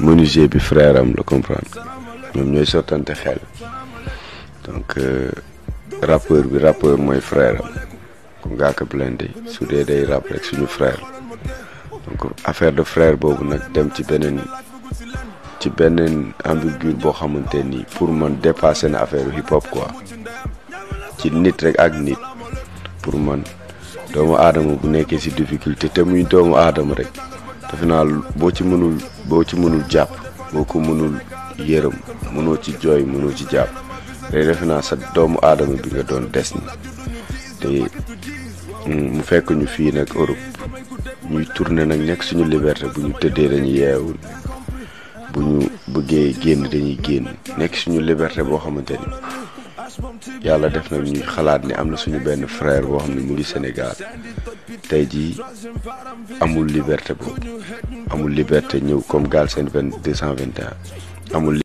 menuisier bi frère am la comprendre ñoom ñooy sottante xel donc euh, rappeur bi rappeur mooy frère am ku Ngaaka Blindé su dee day rap rek suñu frère donc affaire de frère boobu nag dem ci beneen ci beneen boo xamante ni pour man dépassé na affaire hip hop quoi ci nit rek ak nit pour man doomu aadama bu nekkee ci difficulté te muy doomu aadama rek. te final boo ci mënul boo ci mënul jàpp boo ko mënul yërëm mënoo ci jooy mënoo ci jàpp day defe naa sa doomu aadama bi nga doon des ni te mm, mu fekk fii nag Europe ñuy tourner nag nekk suñu liberté bu ñu tëddee dañuy yeewu bu ñu bëggee génn dañuy génn nekk suñu liberte boo xamante yàlla def na ñuy xalaat ni am na suñu benn frère boo xam ne mu ngi Sénégal tey jii amul liberté boobu amul liberté ñëw comme Galsen 221 amul